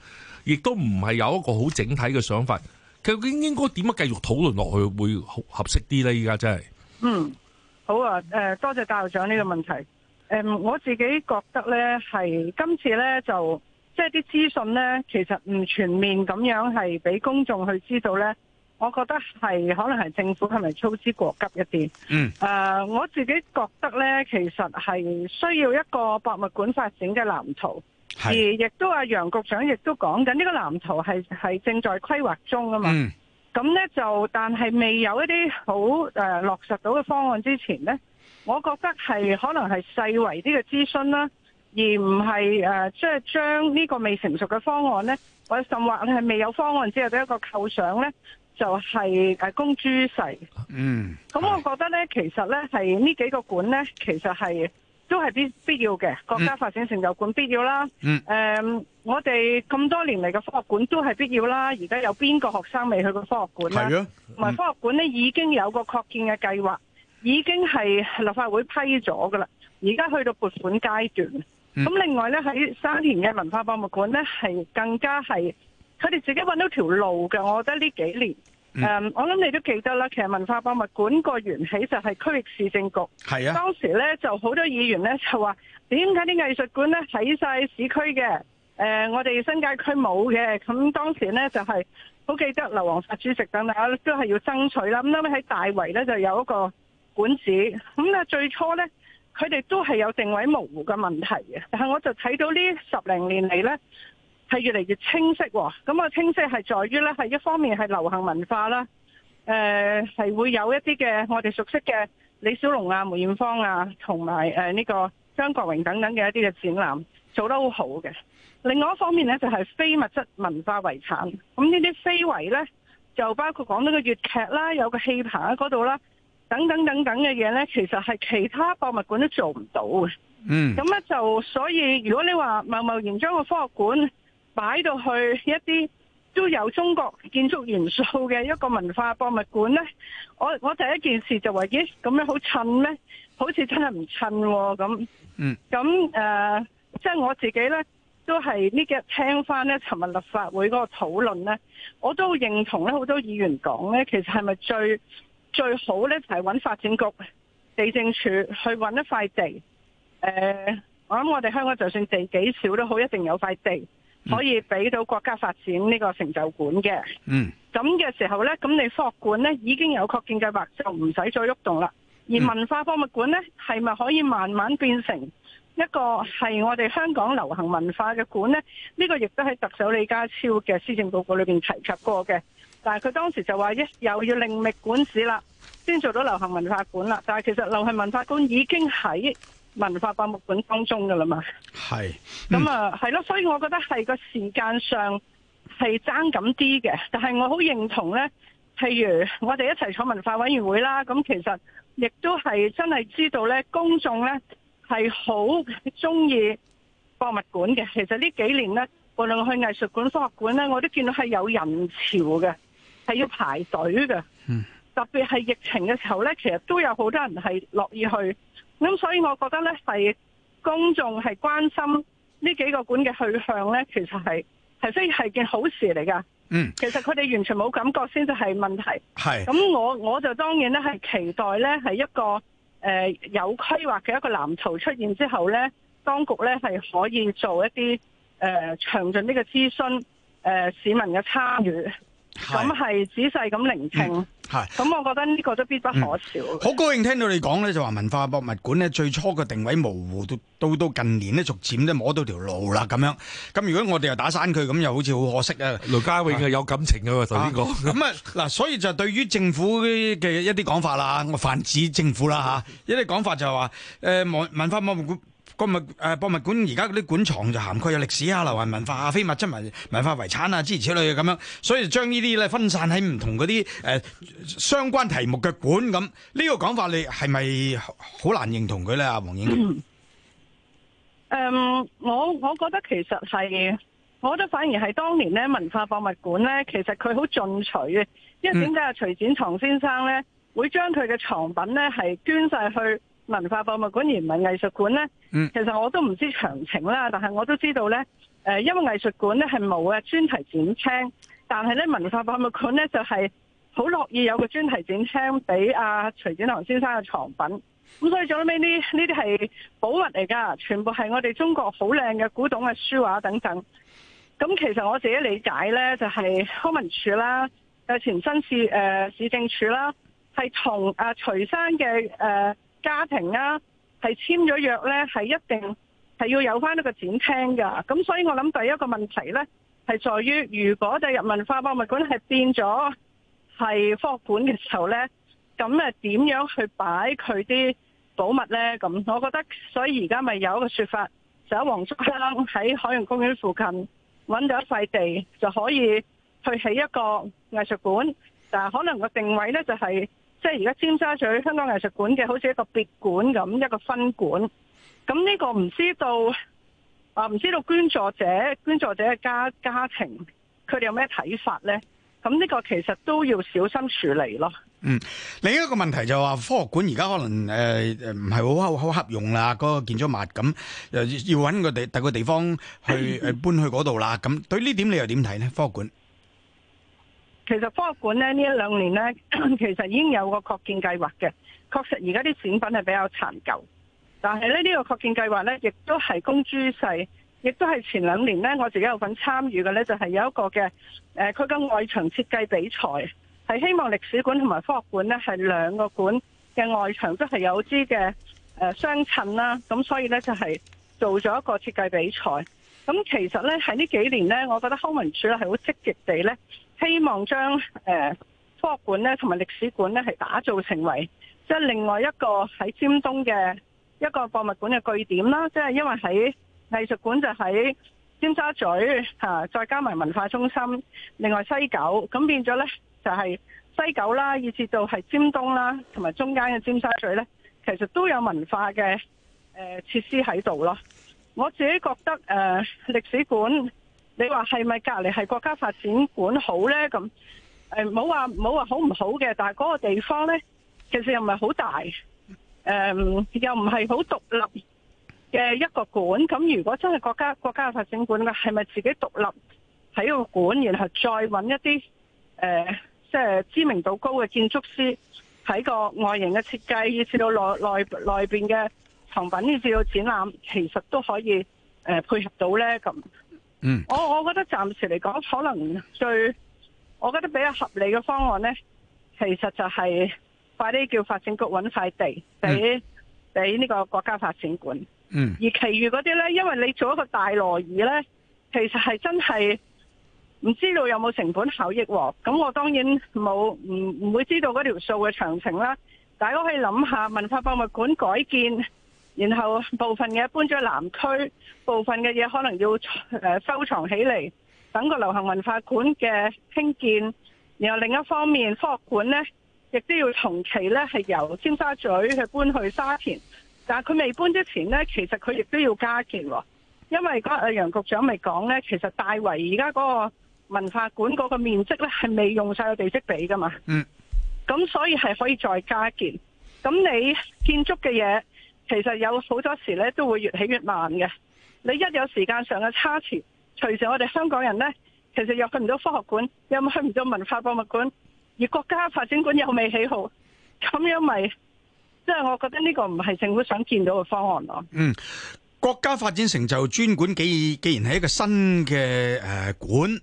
亦都唔係有一個好、嗯、整體嘅想法。究竟應該點樣繼續討論落去會合適啲呢？依家真係。嗯，好啊，誒、呃，多謝教長呢個問題。誒、呃，我自己覺得呢，係今次呢，就即係啲資訊呢，其實唔全面咁樣係俾公眾去知道呢，我覺得係可能係政府係咪操之過急一啲？嗯。誒、呃，我自己覺得呢，其實係需要一個博物館發展嘅藍圖，是而亦都阿楊局長亦都講緊呢個藍圖係係正在規劃中啊嘛。嗯咁咧就，但係未有一啲好誒落實到嘅方案之前咧，我覺得係可能係細圍啲嘅諮詢啦，而唔係誒，即係將呢個未成熟嘅方案咧，或者甚或話係未有方案之後嘅一個構想咧，就係誒公諸世。嗯，咁我覺得咧的，其實咧係呢幾個館咧，其實係。都係必必要嘅，國家發展成就館必要啦。誒、嗯嗯，我哋咁多年嚟嘅科學館都係必要啦。而家有邊個學生未去過科學館啦，同埋科學館呢、嗯、已經有個擴建嘅計劃，已經係立法會批咗噶啦。而家去到撥款階段。咁、嗯、另外呢，喺沙田嘅文化博物館呢，係更加係佢哋自己揾到條路嘅。我覺得呢幾年。誒，嗯 um, 我諗你都記得啦，其實文化博物館個緣起就係區域市政局。係啊，當時咧就好多議員咧就話，點解啲藝術館咧喺晒市區嘅？誒、呃，我哋新界區冇嘅。咁當時咧就係、是、好記得劉皇發主席等等都係要爭取啦。咁後尾喺大圍咧就有一個館址。咁啊，最初咧佢哋都係有定位模糊嘅問題嘅。但係我就睇到十呢十零年嚟，咧。係越嚟越清晰，咁、那、啊、個、清晰係在於呢，係一方面係流行文化啦，誒、呃、係會有一啲嘅我哋熟悉嘅李小龍啊、梅艷芳啊，同埋誒呢個張國榮等等嘅一啲嘅展覽做得好好嘅。另外一方面呢，就係、是、非物質文化遺產，咁呢啲非遺呢，就包括講到個粵劇啦，有個戲棚嗰度啦，等等等等嘅嘢呢，其實係其他博物館都做唔到嘅。嗯、mm.，咁咧就所以如果你話貿貿然將個科學館擺到去一啲都有中國建築元素嘅一個文化博物館呢。我我第一件事就話：咦，咁樣好襯咧？好似真係唔襯咁。咁誒，即係、嗯呃就是、我自己呢，都係呢幾日聽翻呢尋日立法會嗰個討論咧，我都認同呢好多議員講呢，其實係咪最最好呢？就係、是、揾發展局地政處去揾一塊地誒、呃？我諗我哋香港就算地幾少都好，一定有塊地。可以俾到國家發展呢個成就館嘅，咁嘅、嗯、時候呢，咁你科學館呢已經有擴建計劃，就唔使再喐動啦。而文化博物館呢，係咪可以慢慢變成一個係我哋香港流行文化嘅館呢？呢、這個亦都喺特首李家超嘅施政報告裏面提及過嘅。但係佢當時就話一又要另覓館址啦，先做到流行文化館啦。但係其實流行文化館已經喺。文化博物館當中嘅啦嘛，係是，咁啊係咯，嗯、所以我覺得係個時間上係爭緊啲嘅，但係我好認同呢，譬如我哋一齊坐文化委員會啦，咁其實亦都係真係知道呢，公眾呢係好鍾意博物館嘅。其實呢幾年呢，無論去藝術館、科學館呢，我都見到係有人潮嘅，係要排隊嘅。嗯、特別係疫情嘅時候呢，其實都有好多人係樂意去。咁所以，我覺得呢，係公眾係關心呢幾個館嘅去向呢，其實係係非係件好事嚟噶。嗯，其實佢哋完全冇感覺先至係問題。係是，咁我我就當然呢，係期待呢，係一個誒、呃、有規劃嘅一個藍圖出現之後呢，當局呢，係可以做一啲誒、呃、詳盡呢個諮詢誒、呃、市民嘅參與。咁係仔細咁聆聽，係咁，我覺得呢個都必不可少。好高興聽到你講咧，就話文化博物館咧最初嘅定位模糊，到到到近年咧逐漸都摸到條路啦咁樣。咁如果我哋又打散佢，咁又好似好可惜啊！盧家永有感情嘅喎，對呢個咁啊嗱，所以就對於政府嘅一啲講法啦，我泛指政府啦吓，一啲講法就係話，誒，文化博物館。個物誒博物館而家嗰啲館藏就涵蓋有歷史啊、流行文化啊、非物質文文化遺產啊，諸如此類嘅咁樣，所以將呢啲咧分散喺唔同嗰啲誒相關題目嘅館，咁呢個講法你，你係咪好難認同佢咧？啊，黃英琦。誒，我我覺得其實係，我覺得反而係當年咧文化博物館咧，其實佢好進取嘅，因為點解啊？徐展堂先生咧會將佢嘅藏品咧係捐晒去。文化博物館而唔係藝術館呢，其實我都唔知詳情啦。但係我都知道呢，誒，因為藝術館呢係冇呀專題展廳，但係呢文化博物館呢就係、是、好樂意有個專題展廳俾阿徐展堂先生嘅藏品。咁所以做咩呢呢啲係寶物嚟㗎，全部係我哋中國好靚嘅古董嘅書畫等等。咁其實我自己理解呢，就係、是、康文署啦嘅前身市誒、呃、市政署啦，係同阿徐生嘅誒。呃家庭啊，係簽咗約呢，係一定係要有翻呢個展廳噶。咁所以我諗第一個問題呢，係在於如果第日文化博物館係變咗係科學館嘅時候呢，咁誒點樣去擺佢啲寶物呢？咁我覺得，所以而家咪有一個說法，就喺、是、黃竹坑喺海洋公園附近揾到一塊地，就可以去起一個藝術館，但係可能個定位呢、就是，就係。即係而家尖沙咀香港藝術館嘅，好似一個別館咁，一個分館。咁呢個唔知道啊，唔知道捐助者，捐助者嘅家家庭，佢哋有咩睇法咧？咁呢個其實都要小心處理咯。嗯，另一個問題就話科學館而家可能誒誒唔係好好合用啦，嗰、嗰個建築物咁，要要揾個地、第個地方去誒的搬去嗰度啦。咁對呢點你又點睇咧？科學館？其實科學館呢，呢一兩年呢， 其實已經有個擴建計劃嘅。確實而家啲展品係比較殘舊，但係呢呢個擴建計劃呢，亦、這個、都係公諸世，亦都係前兩年呢，我自己有份參與嘅呢，就係、是、有一個嘅誒，佢、呃、嘅外牆設計比賽，係希望歷史館同埋科學館呢，係兩個館嘅外牆都係有啲嘅誒相襯啦。咁所以呢，就係、是、做咗一個設計比賽。咁其實呢，喺呢幾年呢，我覺得康文署係好積極地呢。希望將誒科學館咧同埋歷史館咧係打造成為即係另外一個喺尖東嘅一個博物館嘅據點啦，即係因為喺藝術館就喺尖沙咀吓，再加埋文化中心，另外西九咁變咗咧就係西九啦，以至到係尖東啦，同埋中間嘅尖沙咀咧，其實都有文化嘅誒設施喺度咯。我自己覺得誒歷史館。你話係咪隔籬係國家發展館好呢？咁誒，唔好話唔好話好唔好嘅，但係嗰個地方呢，其實又唔係好大，誒、嗯，又唔係好獨立嘅一個館。咁如果真係國家國家發展館嘅，係咪自己獨立喺個館，然後再揾一啲誒，即、呃、係、就是、知名度高嘅建築師喺個外形嘅設計，以至到內內內邊嘅藏品，以至到展覽，其實都可以誒配合到呢。咁。嗯，我我覺得暫時嚟講，可能最我覺得比較合理嘅方案呢，其實就係快啲叫發展局搵塊地俾俾呢個國家發展館。嗯，而其餘嗰啲呢，因為你做一個大挪移呢，其實係真係唔知道有冇成本效益喎、啊。咁我當然冇，唔唔會知道嗰條數嘅詳情啦。大家可以諗下文化博物館改建。然後部分嘅搬咗南區，部分嘅嘢可能要誒收藏起嚟，等個流行文化館嘅興建。然後另一方面，科學館呢亦都要同期呢係由尖沙咀去搬去沙田。但係佢未搬之前呢，其實佢亦都要加建。因為嗰個楊局長咪講呢，其實大圍而家嗰個文化館嗰個面積呢係未用晒個地積比㗎嘛。嗯。咁所以係可以再加建。咁你建築嘅嘢。其實有好多時咧都會越起越慢嘅。你一有時間上嘅差池，隨時我哋香港人呢，其實又去唔到科學館，又去唔到文化博物館，而國家發展館又未起好，咁樣咪即係我覺得呢個唔係政府想見到嘅方案咯。嗯，國家發展成就專館既，既然既然係一個新嘅誒館。呃館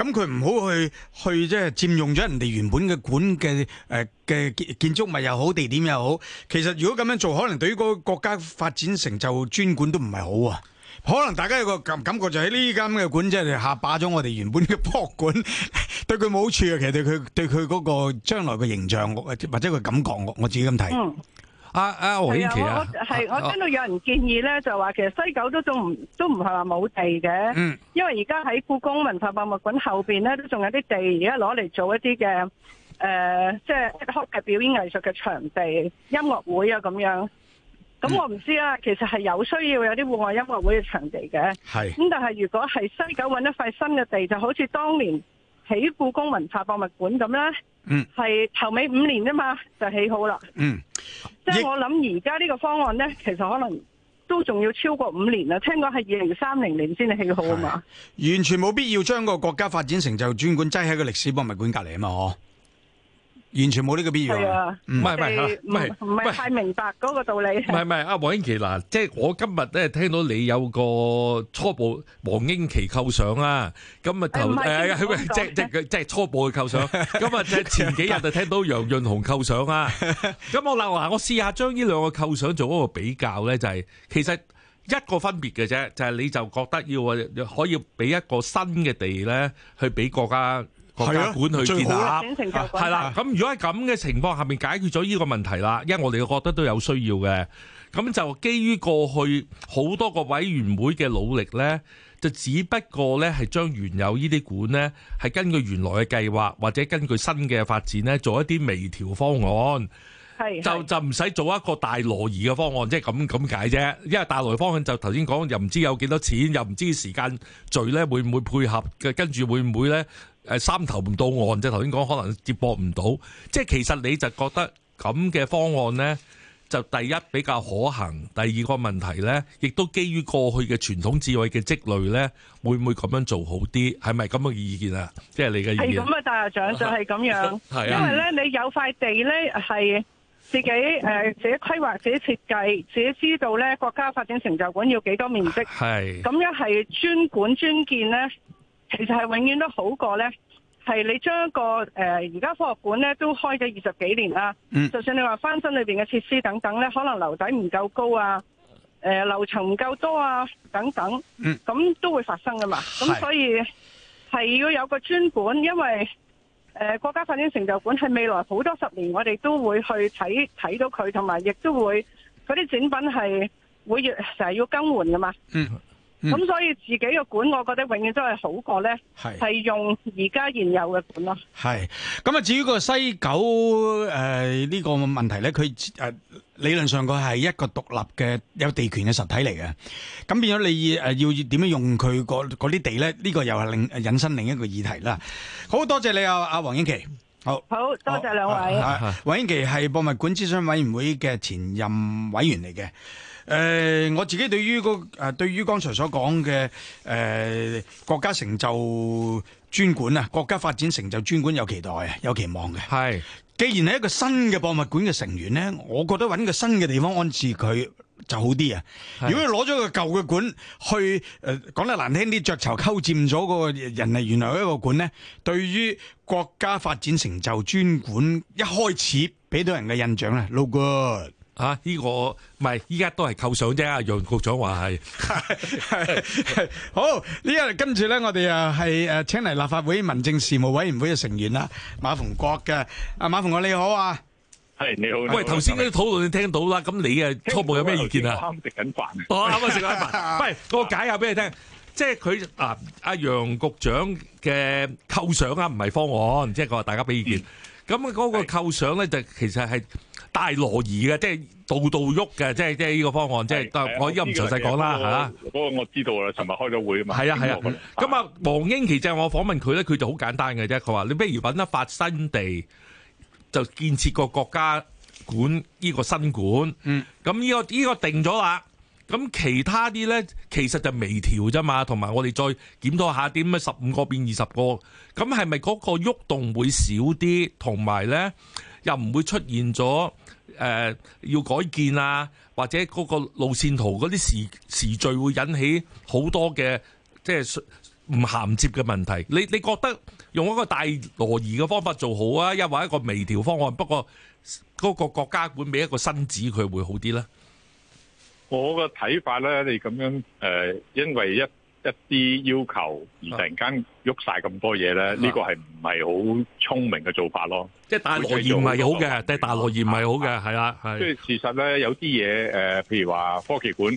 咁佢唔好去去即係佔用咗人哋原本嘅館嘅誒嘅建建築物又好，地點又好，其實如果咁樣做，可能對於嗰國家發展成就專館都唔係好啊。可能大家有個感感覺就喺呢間嘅館，即係下把咗我哋原本嘅博物館 對佢冇好處啊。其實對佢對佢嗰個將來嘅形象，或者佢感覺，我我自己咁睇。嗯阿啊，黃英琦，係、啊啊啊我，啊、我聽到有人建議咧，啊、就話其實西九都仲唔都唔係話冇地嘅，嗯、因為而家喺故宮文化博物館後邊咧都仲有啲地，而家攞嚟做一啲嘅誒，即係嘅表演藝術嘅場地、音樂會啊咁樣。咁我唔知啦、啊，其實係有需要有啲戶外音樂會嘅場地嘅。係咁是，但係如果係西九揾一塊新嘅地，就好似當年起故宮文化博物館咁咧。嗯，係頭尾五年啫嘛，就起好啦。嗯，即係我諗而家呢個方案咧，其實可能都仲要超過五年啦。聽講係二零三零年先至起好啊嘛，完全冇必要將個國家發展成就專館擠喺個歷史博物館隔籬啊嘛，嗬。完全冇呢個必要啊！唔係唔係唔係唔係太明白嗰個道理。唔係唔係阿黃英琦嗱，即係我今日咧聽到你有個初步黃英琦構想啦，咁啊頭誒即即即係初步嘅構想，咁啊即係前幾日就聽到楊潤雄構想啦，咁我嗱嗱我試下將呢兩個構想做一個比較咧，就係其實一個分別嘅啫，就係你就覺得要可以俾一個新嘅地咧去俾國家。係啊，管去建啊，係啦、啊。咁、啊、如果喺咁嘅情況下面解決咗呢個問題啦，因為我哋覺得都有需要嘅。咁就基於過去好多個委員會嘅努力呢，就只不過呢係將原有呢啲管呢，係根據原來嘅計劃，或者根據新嘅發展呢，做一啲微調方案。是是就就唔使做一個大挪移嘅方案，即係咁咁解啫。因為大挪移方向就頭先講，又唔知有幾多錢，又唔知時間序呢會唔會配合嘅，跟住會唔會呢。誒，三頭唔到岸啫，即係頭先講可能接駁唔到，即係其實你就覺得咁嘅方案呢就第一比較可行，第二個問題呢亦都基於過去嘅傳統智慧嘅積累呢會唔會咁樣做好啲？係咪咁嘅意見啊？即係你嘅意見係咁啊，戴校長就係咁樣，係啊，因為呢你有塊地呢係自己誒、呃，自己規劃、自己設計、自己知道呢國家發展成就館要幾多面積，係咁是樣係專管專建呢其實係永遠都好過呢。係你將一個誒而家科學館呢都開咗二十幾年啦。嗯、就算你話翻新裏邊嘅設施等等呢，可能樓底唔夠高啊，誒樓層唔夠多啊等等。嗯。咁都會發生噶嘛？咁是所以係要有個專管，因為誒、呃、國家發展成就館係未來好多十年，我哋都會去睇睇到佢，同埋亦都會嗰啲展品係會成日要更換噶嘛。嗯。咁、嗯、所以自己個館，我覺得永遠都係好過咧，係、係用而家現有嘅館咯。係咁啊，至於個西九誒呢、呃這個問題咧，佢誒、呃、理論上佢係一個獨立嘅有地權嘅實體嚟嘅。咁變咗你誒、呃、要點樣用佢嗰啲地咧？呢、這個又係另引申另一個議題啦。好多謝你啊，阿黃英琦，好，好多謝兩、哦、位。黃、啊啊、英琦係博物館諮詢委員會嘅前任委員嚟嘅。誒、呃、我自己對於個誒對於剛才所講嘅誒國家成就專館啊，國家發展成就專館有期待啊，有期望嘅。係是，既然係一個新嘅博物館嘅成員咧，我覺得揾個新嘅地方安置佢就好啲啊。是如果攞咗個舊嘅館去誒，講、呃、得難聽啲，雀巢鳩佔咗嗰個人哋原來一個館咧，對於國家發展成就專館一開始俾到人嘅印象咧，look、no、good。啊！依個唔係依家都係構想啫。楊局長話係，係係好。呢個跟住咧，我哋啊係誒請嚟立法會民政事務委員會嘅成員啦，馬逢國嘅。阿馬逢國你好啊，係你好。喂，頭先嗰啲討論你聽到啦，咁你啊初步有咩意見啊？啱食緊飯，我啱食緊飯。喂，我解下俾你聽，即係佢啊，阿楊局長嘅構想啊，唔係方案，即係佢話大家俾意見。咁啊，嗰個構想咧就其實係。大挪移嘅，即係度度喐嘅，即係即係呢個方案，即係我依家唔詳細講啦，吓。嗰、嗰個嗰個我知道啦，尋日開咗會啊嘛。係啊係啊。咁啊，黃英琦，其實的我訪問佢咧，佢就好簡單嘅啫。佢話的你不如揾一發新地，就建設個國家管呢個新館。咁呢、嗯呢個呢、呢個定咗啦。咁其他啲咧，其實就微調啫嘛。同埋我哋再檢討下啲咁十五個變二十個，咁係咪嗰個喐動，動會少啲？同埋咧。又唔會出現咗誒、呃、要改建啊，或者嗰個路線圖嗰啲時時序會引起好多嘅即係唔銜接嘅問題。你，你覺得用一個大挪移嘅方法做好啊，因或者一個微調方案，不過嗰個國家會俾一個新址，佢會好啲咧？我個睇法呢，你咁樣誒、呃，因為一。一啲要求而突然間喐晒咁多嘢咧，呢的個係唔係好聰明嘅做法咯？即係大陸言唔係好嘅，即係大陸言唔係好嘅，係啦。即係事實咧，有啲嘢誒，譬如話科技館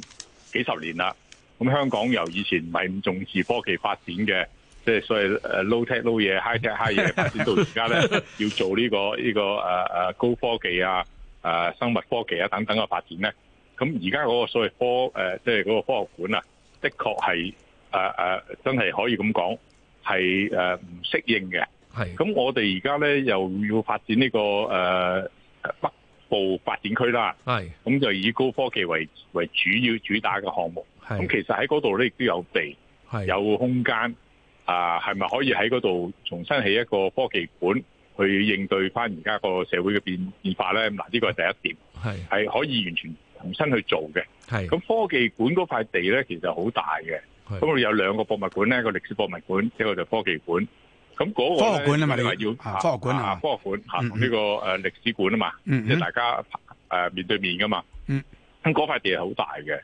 幾十年啦。咁、嗯、香港由以前唔係唔重視科技發展嘅，即、就、係、是、所謂 low tech low 嘢 ，high tech high 嘢發展到而家咧， 要做呢、這個呢、這個誒、啊、高科技啊、誒、啊、生物科技啊等等嘅發展咧。咁而家嗰個所謂科誒，即係嗰個科學館啊，的確係。誒誒、啊啊，真係可以咁講，係誒唔適應嘅。係咁是，我哋而家咧又要發展呢、這個誒、啊、北部發展區啦。係咁是就以高科技為為主要主打嘅項目。咁是其實喺嗰度咧亦都有地，是有空間。啊，係咪可以喺嗰度重新起一個科技館，去應對翻而家個社會嘅變變化咧？嗱，呢個係第一點，係係是可以完全重新去做嘅。係咁是，科技館嗰塊地咧，其實好大嘅。咁我哋有兩個博物館咧，一個歷史博物館，一個就科技館。咁嗰個呢，你話要科學館要啊？科學館吓，呢、啊啊、個誒歷史館啊嘛，即係、嗯嗯、大家誒、啊、面對面噶嘛。咁嗰塊地係好大嘅。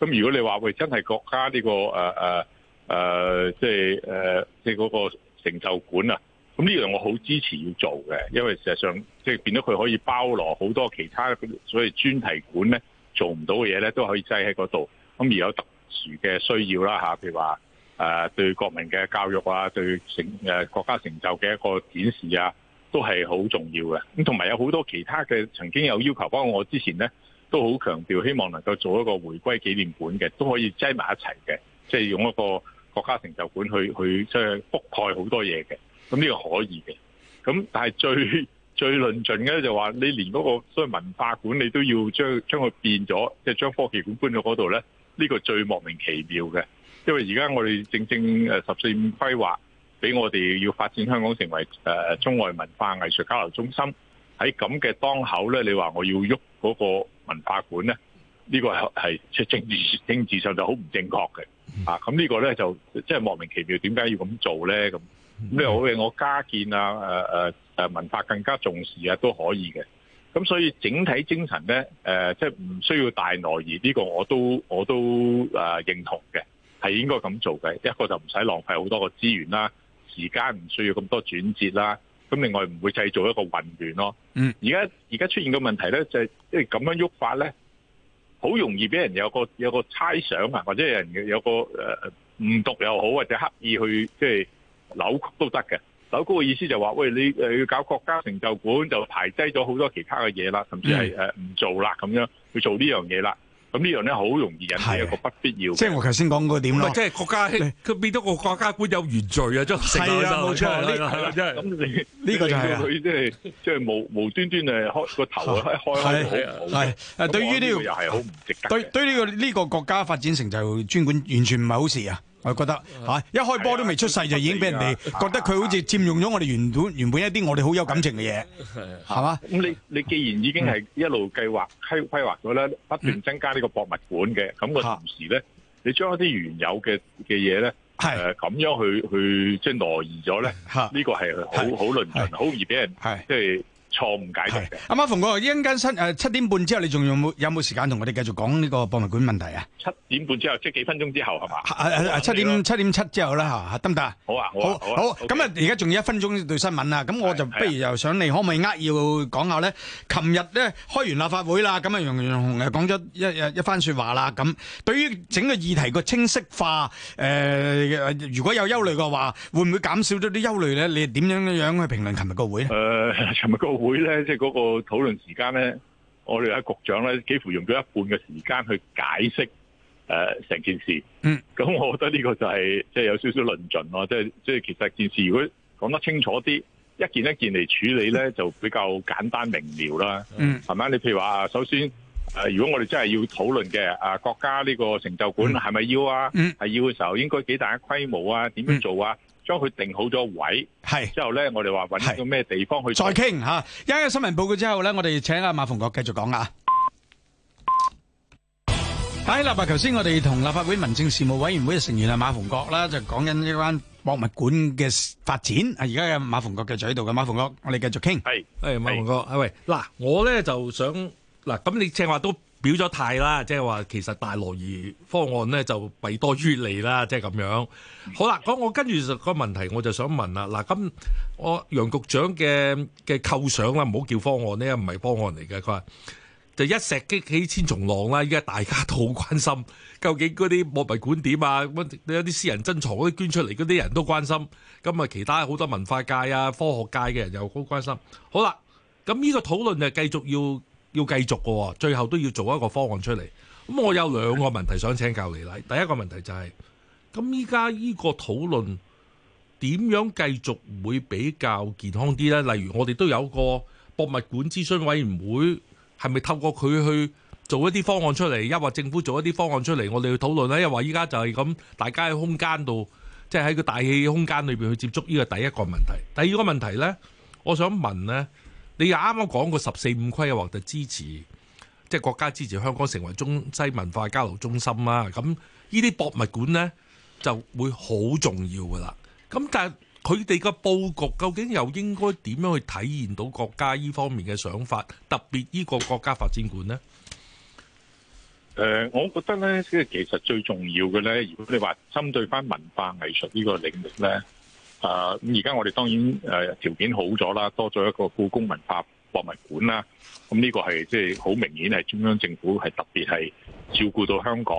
咁如果你話喂真係國家呢、這個誒誒誒，即係誒即係嗰個成就館啊，咁呢樣我好支持要做嘅，因為事實上即係、就是、變咗佢可以包羅好多其他所專館呢，所謂專題館咧做唔到嘅嘢咧都可以擠喺嗰度。咁而有特樹嘅需要啦吓，譬如話誒對國民嘅教育啊，對成誒國家成就嘅一個展示啊，都係好重要嘅。咁同埋有好多其他嘅曾經有要求，包括我之前咧都好強調，希望能夠做一個回歸紀念館嘅，都可以擠埋一齊嘅，即係用一個國家成就館去去即係覆蓋好多嘢嘅。咁呢個可以嘅。咁但係最最論盡嘅就話，你連嗰個所謂文化館你都要將將佢變咗，即係將科技館搬到嗰度咧。呢個最莫名其妙嘅，因為而家我哋正正誒十四五規劃，俾我哋要發展香港成為誒、呃、中外文化藝術交流中心。喺咁嘅當口咧，你話我要喐嗰個文化館咧，呢、這個係即係政治政治上就好唔正確嘅啊！咁、這個、呢個咧就即係莫名其妙，點解要咁做咧？咁咁你我我加建啊誒誒誒文化更加重視啊都可以嘅。咁所以整體精神咧，誒、呃，即係唔需要大內而呢、呢個我，我都我都誒認同嘅，係應該咁做嘅。一個就唔使浪費好多個資源啦，時間唔需要咁多轉折啦。咁另外唔會製造一個混亂咯。嗯，而家而家出現個問題咧，就係即係咁樣喐法咧，好容易俾人有個有個猜想啊，或者有人有個誒誤讀又好，或者刻意去即係、就是、扭曲都得嘅。嗱，嗰個意思就話，喂，你要搞國家成就館，就排低咗好多其他嘅嘢啦，甚至係唔做啦，咁樣去做呢樣嘢啦。咁呢樣咧，好容易引起一個不必要。即係我頭先講嗰點啦，即係國家，佢變咗個國家館有原罪啊，即係係啊，冇錯啦，係啦，真係。咁你呢個就係佢即係即係無無端端誒開個頭啊，一開好。係係啊，對於呢個又係好唔值得。對對呢個呢個國家發展成就專館完全唔係好事啊！我覺得吓的、啊，一開波都未出世就已經俾人哋覺得佢好似佔用咗我哋原本原本一啲我哋好有感情嘅嘢，係嘛？咁你嗎、嗯、你既然已經係一路計劃規規劃咗咧，不斷增加呢個博物館嘅，咁嘅同時咧，的你將一啲原有嘅嘅嘢咧，係咁、呃、樣去去即挪移咗咧，呢的個係好好論壇，好容易俾人即係。錯誤解決嘅。阿馬、啊、逢哥，一陣間新，誒、呃、七點半之後，你仲有冇有冇時間同我哋繼續講呢個博物館問題啊？七點半之後，即幾分鐘之後係嘛、啊啊啊？七點七點七之後啦嚇，得唔得啊？好啊，好好。咁啊，而家仲有一分鐘對新聞啊。咁我就不如又想你可唔可以呃要講下咧？琴日咧開完立法會啦，咁啊楊潤雄講咗一一番説話啦。咁對於整個議題個清晰化，誒、呃、如果有憂慮嘅話，會唔會減少咗啲憂慮咧？你點樣嘅去評論琴日個會咧？誒、呃，琴日個。會咧，即係嗰個討論時間咧，我哋喺局長咧，幾乎用咗一半嘅時間去解釋誒成、呃、件事。嗯，咁我覺得呢個就係即係有少少論盡咯。即係即係，即係、其實這件事如果講得清楚啲，一件一件嚟處理咧，就比較簡單明瞭啦。嗯，係咪？你譬如話，首先誒、呃，如果我哋真係要討論嘅啊，國家呢個成就館係咪要啊？嗯，係要嘅時候，應該幾大嘅規模啊？點樣做啊？將佢定好咗位，係之後咧，我哋話搵到咩地方去再傾吓。一有新聞報告之後咧，我哋請阿馬逢國繼續講啊。喺立法，頭先我哋同立法會民政事務委員會嘅成員阿馬逢國啦，就講緊呢間博物館嘅發展。而家有馬逢國繼續喺度嘅，馬逢國，我哋繼續傾。係，誒，馬逢國，喂，嗱，我咧就想，嗱，咁你正話都。表咗態啦，即係話其實大挪移方案咧就弊多於利啦，即係咁樣。好啦，咁我跟住個問題，我就想問啦。嗱，咁我楊局長嘅嘅構想啦，唔好叫方案呢，唔係方案嚟嘅。佢話就一石激起千重浪啦，依家大家都好關心，究竟嗰啲博物館點啊？乜有啲私人珍藏嗰啲捐出嚟嗰啲人都關心，咁啊其他好多文化界啊、科學界嘅人又好關心。好啦，咁呢個討論就繼續要。要繼續嘅喎，最後都要做一個方案出嚟。咁我有兩個問題想請教你啦。第一個問題就係咁，咁依家呢個討論點樣繼續會比較健康啲呢？例如我哋都有個博物館諮詢委員會，係咪透過佢去做一啲方案出嚟？一或政府做一啲方案出嚟，我哋去討論呢？又或依家就係咁，大家喺空間度，即係喺個大氣空間裏邊去接觸呢個第一個問題。第二個問題呢，我想問呢。你又啱啱講過十四五規劃就支持，即係國家支持香港成為中西文化交流中心啦。咁呢啲博物館呢，就會好重要噶啦。咁但係佢哋個佈局究竟又應該點樣去體現到國家依方面嘅想法？特別呢個國家發展館呢？誒，我覺得呢，其實最重要嘅呢，如果你話針對翻文化藝術呢個領域呢。啊，咁而家我哋當然誒、呃、條件好咗啦，多咗一個故宮文化博物館啦，咁、嗯、呢、這個係即係好明顯係中央政府係特別係照顧到香港，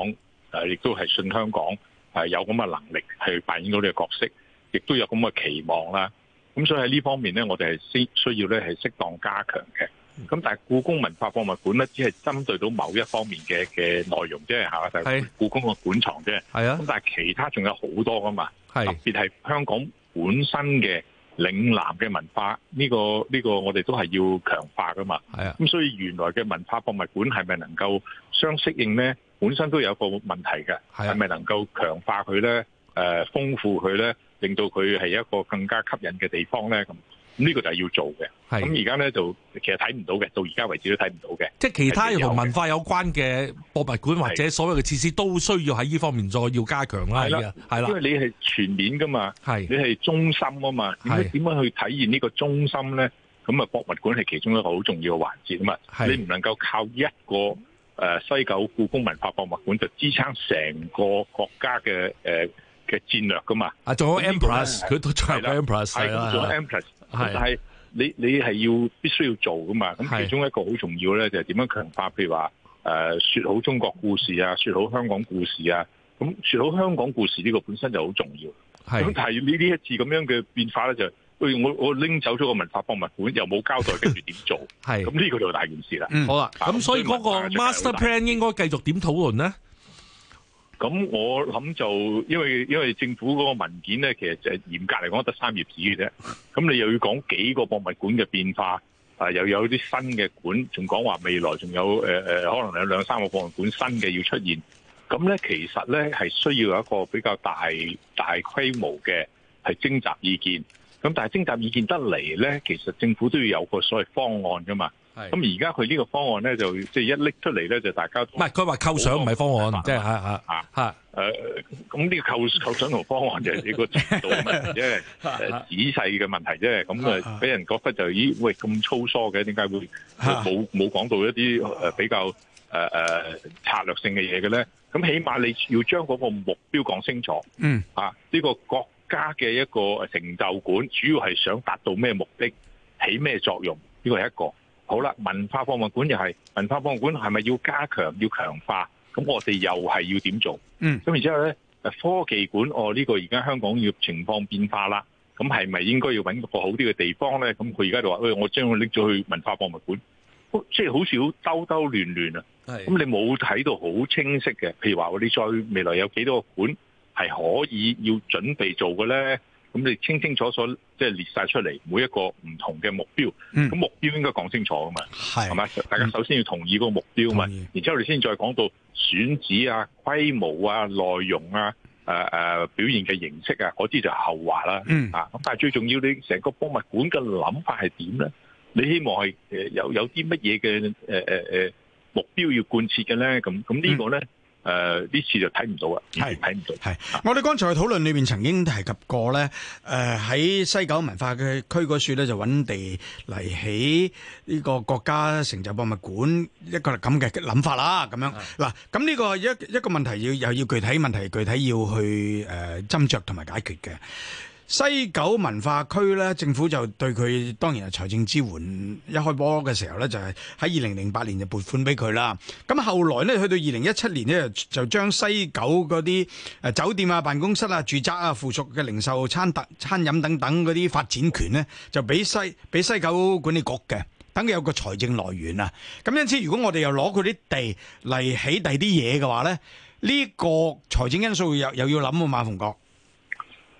誒亦都係信香港係、呃、有咁嘅能力去扮演到呢個角色，亦都有咁嘅期望啦。咁、嗯、所以喺呢方面呢，我哋係先需要呢係適當加強嘅。咁、嗯、但係故宮文化博物館呢，只係針對到某一方面嘅嘅內容即係、就是嗯、係嘛？就係故宮嘅館藏啫。係啊。咁但係其他仲有好多噶嘛，特別係香港。本身嘅嶺南嘅文化呢、呢個呢、呢個我哋都係要強化噶嘛，係啊，咁所以原來嘅文化博物館係咪能夠相適應咧？本身都有一個問題嘅，係咪、啊、能夠強化佢咧？誒、呃，豐富佢咧？令到佢係一個更加吸引嘅地方咧咁。咁呢個就係要做嘅，咁而家咧就其實睇唔到嘅，到而家為止都睇唔到嘅。即係其他同文化有關嘅博物館或者所有嘅設施都需要喺呢方面再要加強啦。係啦，係啦，因為你係全面噶嘛，係你係中心啊嘛，點樣點樣去體現呢個中心咧？咁啊，博物館係其中一個好重要嘅環節啊嘛。你唔能夠靠一個誒西九故宮文化博物館就支撐成個國家嘅誒嘅戰略噶嘛？啊，仲有 Empress，佢都仲有 Empress，仲有 Empress。是但係你你係要必須要做噶嘛？咁其中一個好重要咧，就係點樣強化，是譬如話誒說好中國故事啊，說好香港故事啊，咁說好香港故事呢個本身就好重要。係是，咁但係呢呢一次咁樣嘅變化咧，就係，喂我我拎走咗個文化博物館，又冇交代跟住點做。係 是，咁呢個就大件事啦，嗯。好啦，啊，咁，嗯，所以嗰個以 Master Plan 應該繼續點討論咧？咁我諗就，因為因為政府嗰個文件咧，其實就嚴格嚟講得三頁紙嘅啫。咁你又要講幾個博物館嘅變化，啊又有啲新嘅館，仲講話未來仲有、呃、可能有兩、兩三個博物館新嘅要出現。咁咧其實咧係需要有一個比較大大規模嘅係徵集意見。咁但係徵集意見得嚟咧，其實政府都要有個所謂方案㗎嘛。咁而家佢呢個方案咧，就即係一拎出嚟咧，就大家唔係佢話構想唔係方案，即係吓吓吓，誒，咁呢個構構想同方案就係呢個程度嘅問題啫，誒，仔細嘅問題啫。咁啊，俾人覺得就咦，喂，咁粗疏嘅，點解會冇冇講到一啲誒比較誒誒策略性嘅嘢嘅咧？咁起碼你要將嗰個目標講清楚，嗯，啊，呢個國家嘅一個成就館，主要係想達到咩目的，起咩作用？呢個係一個。好啦，文化博物館又係文化博物館，係咪要加強要強化？咁我哋又係要點做？嗯，咁然之後咧，科技館，我、哦、呢、呢個而家香港要情況變化啦，咁係咪應該要搵個好啲嘅地方咧？咁佢而家就話，喂、哎，我將佢拎咗去文化博物館，即係好少兜兜亂亂啊。咁的你冇睇到好清晰嘅，譬如話，你再未來有幾多個館係可以要準備做嘅咧？咁你清清楚楚。即係列晒出嚟每一個唔同嘅目標，咁、嗯、目標應該講清楚噶嘛，係嘛是？大家首先要同意個目標嘛，意然之後你先再講到選址啊、規模啊、內容啊、誒、啊、誒、啊、表現嘅形式啊，嗰啲就後話啦。嗯、啊，咁但係最重要，你成個博物館嘅諗法係點咧？你希望係誒有有啲乜嘢嘅誒誒誒目標要貫徹嘅咧？咁咁呢個咧？嗯誒，呢次就睇唔到啊，係睇唔到。係我哋剛才嘅討論裏面，曾經提及過咧，誒喺西九文化嘅區嗰處咧，就揾地嚟起呢個國家成就博物館一個咁嘅諗法啦，咁樣嗱。咁呢個一一個問題，要又要具體問題具體要去誒斟酌，同埋解決嘅。西九文化區呢，政府就對佢當然係財政支援。一開波嘅時候呢，就係喺二零零八年就撥款俾佢啦。咁後來呢，去到二零一七年呢，就將西九嗰啲誒酒店啊、辦公室啊、住宅啊、附屬嘅零售餐、餐特餐飲等等嗰啲發展權呢，就俾西俾西九管理局嘅，等佢有個財政來源啊。咁因此，如果我哋又攞佢啲地嚟起第啲嘢嘅話呢，呢個財政因素又，又要諗喎，馬逢國。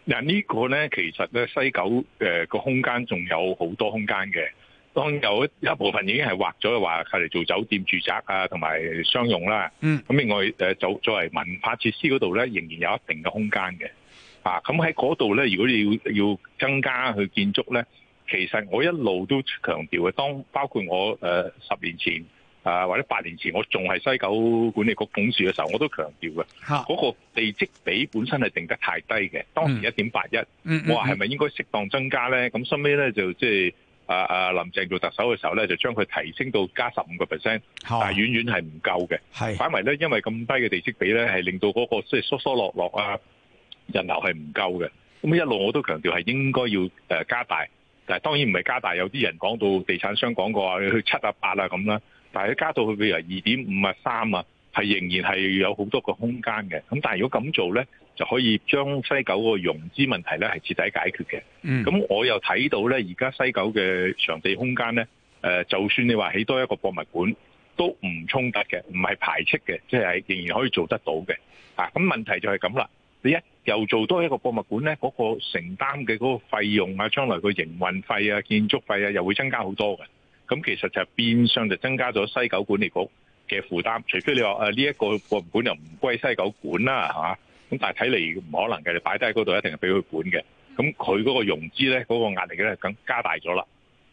嗱呢個咧，其實咧西九誒個空間仲有好多空間嘅。當有一一部分已經係劃咗，話係嚟做酒店住宅啊，同埋商用啦。嗯，咁另外誒做作為文化設施嗰度咧，仍然有一定嘅空間嘅。啊，咁喺嗰度咧，如果你要要增加去建築咧，其實我一路都強調嘅，當包括我誒十年前。啊，或者八年前我仲係西九管理局董事嘅時候，我都強調嘅，嗰哈個地積比本身係定得太低嘅，當時一點八一，我話係咪應該適當增加咧？咁收尾咧就即係啊啊林鄭做特首嘅時候咧，就將佢提升到加十五個 percent，但係遠遠係唔夠嘅。哈反為咧，因為咁低嘅地積比咧，係令到嗰個即係疏疏落落啊，人流係唔夠嘅。咁一路我都強調，係應該要誒加大，但係當然唔係加大，有啲人講到地產商講過話，去七啊八啊咁啦。但係加到去譬如二點五啊三啊，係仍然係有好多個空間嘅。咁但係如果咁做呢，就可以將西九個融資問題呢係徹底解決嘅。咁、嗯、我又睇到呢，而家西九嘅場地空間呢，誒就算你話起多一個博物館都唔衝突嘅，唔係排斥嘅，即、就、係、是、仍然可以做得到嘅。咁、啊、問題就係咁啦。你一又做多一個博物館呢，嗰、那個承擔嘅嗰個費用啊，將來個營運費啊、建築費啊，又會增加好多嘅。咁其實就變相就增加咗西九管理局嘅負擔，除非你話誒呢一個博物館又唔歸西九管啦，係嘛？咁但係睇嚟唔可能嘅，你擺低喺嗰度一定係俾佢管嘅。咁佢嗰個融資咧，嗰個壓力咧，梗加大咗啦。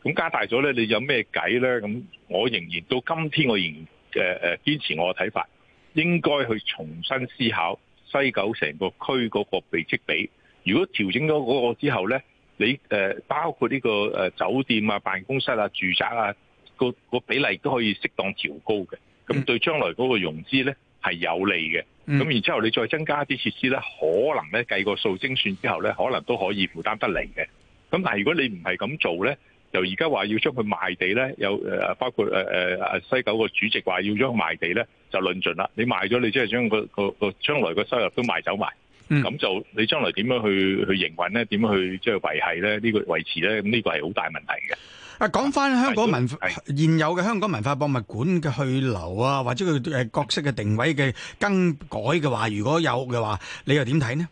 咁加大咗咧，你有咩計咧？咁我仍然到今天，我仍誒誒堅持我嘅睇法，應該去重新思考西九成個區嗰個地積比。如果調整咗嗰個之後咧，你誒包括呢個誒酒店啊、辦公室啊、住宅啊個個比例都可以適當調高嘅，咁對將來嗰個融資咧係有利嘅。咁然之後你再增加啲設施咧，可能咧計個數精算之後咧，可能都可以負擔得嚟嘅。咁但係如果你唔係咁做咧，由而家話要將佢賣地咧，有誒包括誒、呃、西九個主席話要將佢賣地咧，就論盡啦。你賣咗你即係將個個個將來個收入都賣走埋。嗯，咁就你將來點樣去去營運咧？點樣去即係維係咧？呢個維持咧，咁呢個係好大問題嘅。啊，講返香港文現有嘅香港文化博物館嘅去留啊，或者佢誒角色嘅定位嘅更改嘅話，如果有嘅話，你又點睇呢？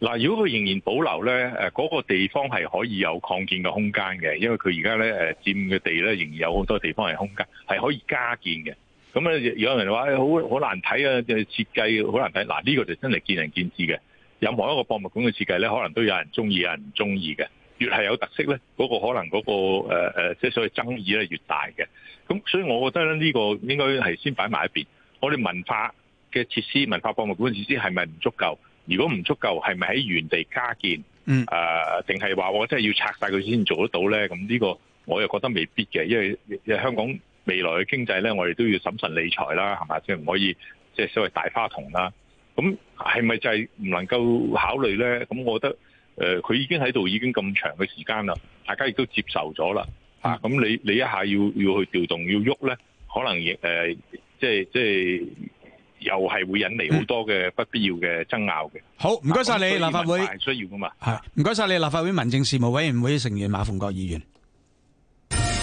嗱，如果佢仍然保留咧，誒嗰個地方係可以有擴建嘅空間嘅，因為佢而家咧誒佔嘅地咧，仍然有好多地方係空間係可以加建嘅。咁咧，有人話好好難睇啊！誒，設計好難睇。嗱，呢個就真係見仁見智嘅。任何一個博物館嘅設計咧，可能都有人中意，有人唔中意嘅。越係有特色咧，嗰個可能嗰個誒誒，即係所謂爭議咧，越大嘅。咁所以，我覺得咧，呢個應該係先擺埋一邊。我哋文化嘅設施、文化博物館嘅設施係咪唔足夠？如果唔足夠，係咪喺原地加建？嗯，誒，定係話我真係要拆晒佢先做得到咧？咁呢個我又覺得未必嘅，因為香港。未來嘅經濟咧，我哋都要審慎理財啦，係嘛？即係唔可以即係所謂大花筒啦。咁係咪就係唔能夠考慮咧？咁我覺得誒，佢、呃、已經喺度已經咁長嘅時間啦，大家亦都接受咗啦。咁、嗯啊、你你一下要要去調動要喐咧，可能亦誒、呃、即係即係又係會引嚟好多嘅不必要嘅爭拗嘅、嗯。好，唔該晒你立法會。啊、需要噶嘛？唔該晒你立法會民政事務委員會成員馬逢國議員。